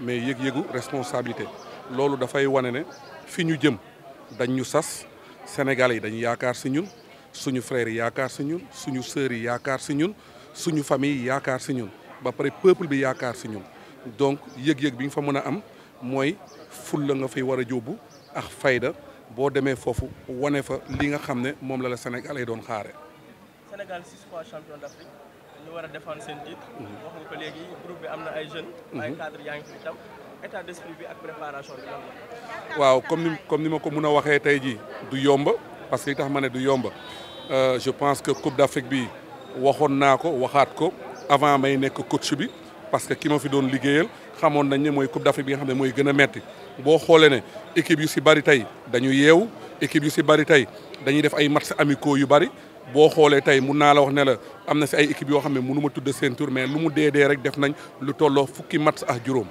mais yeg yegu responsabilité da responsabilité. wane ne fi jëm dañ ñu sas sénégalais dañ yaakar ci ñun suñu frères yaakar ñun suñu sœurs yaakar ci suñu famille ba peuple bi ñun donc yeg yeg fa a am mooy fulla nga fay war a ak fayda bo Sénégal fois champion d'Afrique ñu war a défendre seen titre. Mhm. wax nga ko léegi groupe bi am na ay jeunes. Mhm. ay cadres yaa ngi fi tam état d'esprit bi ak préparation bi lan la. waaw comme ni comme ni ma ko mun a waxee tey jii du yomb parce que li tax ma ne du yomb euh, je pense que Coupe d'Afrique bi waxoon naa ko waxaat ko avant may nekk coach bi parce que ki ma fi doon liggéeyal xamoon nañ ne mooy Coupe d'Afrique bi nga xam ne mooy gën a metti boo xoolee ne équipe yu si bari tey dañu yeewu équipe yu si bari tey dañuy def ay matchs amicaux yu bari. boo xoolee tey mun naa la wax ne la am na si ay équipe yoo xam ne mënu ma tudd seen mais lu mu dee dee rek def nañ lu tolloo fukki match ak juróom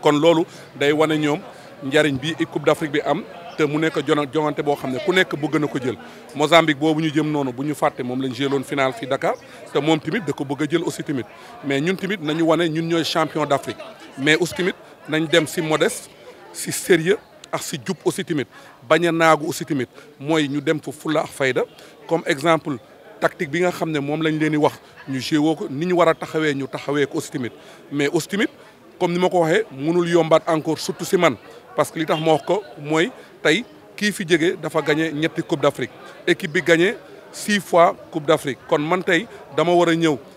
kon loolu day wane ñoom njariñ bi coupe d'Afrique bi am te mu nekk joŋante boo xam ne ku nekk bëgg na ko jël Mozambique boobu ñu jëm noonu bu ñu fàtte moom lañ jëloon final fi Dakar te moom tamit da ko bëgg a jël aussi tamit mais ñun tamit nañu wane ñun ñooy champion d'Afrique mais aussi tamit nañ dem si modeste si sérieux ak si jub aussi tamit bañ a naagu aussi tamit moy ñu dem fa fula ak fayda comme exemple tactique bi nga xamné mom lañ leen wax ñu jéewoo ko ni ñu wara taxawé ñu taxawé ko aussi tamit mais aussi tamit comme nima ko waxé mënul yombaat encore surtout si man parce que li tax ma wax ko moy tay kii fi jege dafa gagné ñetti coupe d'afrique équipe bi gagné 6 fois coupe d'afrique kon man tay dama wara a ñëw.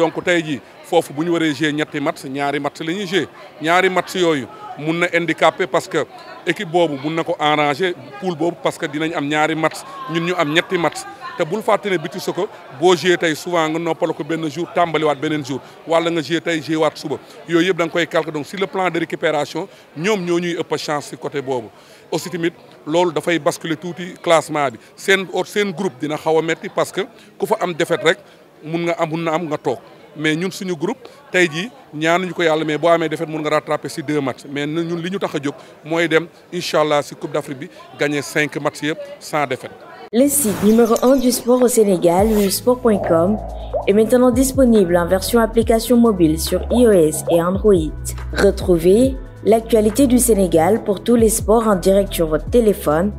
donc tay ji fofu buñu wéré jé ñetti match ñaari match la jé ñaari match yoyu mën na handicapé parce que équipe bobu mun na arranger pool bobu parce que dinañ am ñaari match ñun ñu am ñetti match té bul faténé ne Bitou Soko boo joué tey souvent nga noppal ko benn jour wat benen jour wala nga jé tay jé wat suba yooyu yeb dang koy calque donc sur le plan de récupération ñom ñoo ñuy ëpp chance ci côté bobu aussi tamit loolu fay basculer touti classement bi sen sen groupe dina xawa metti parce que ku fa am défaite rek mën nga amul na am nga toog mais ñun suñu groupe tey jii ñaanuñu ko yàlla mais boo amee défaite mën nga rattraper si deux matchs mais ñun li ñu tax a jóg mooy dem incha allah si coupe d'Afrique... Afrique bi gagné cinq matchs yëpp sans défaite. Le site numéro 1 du sport au Sénégal, sport.com, est maintenant disponible en version application mobile sur iOS et Android. Retrouvez l'actualité du Sénégal pour tous les sports en direct sur votre téléphone,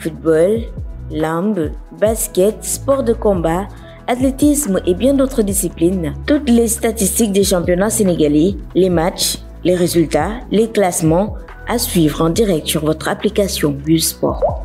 football, lambe, basket, sport de combat, athlétisme et bien d'autres disciplines, toutes les statistiques des championnats sénégalais, les matchs, les résultats, les classements à suivre en direct sur votre application Busport.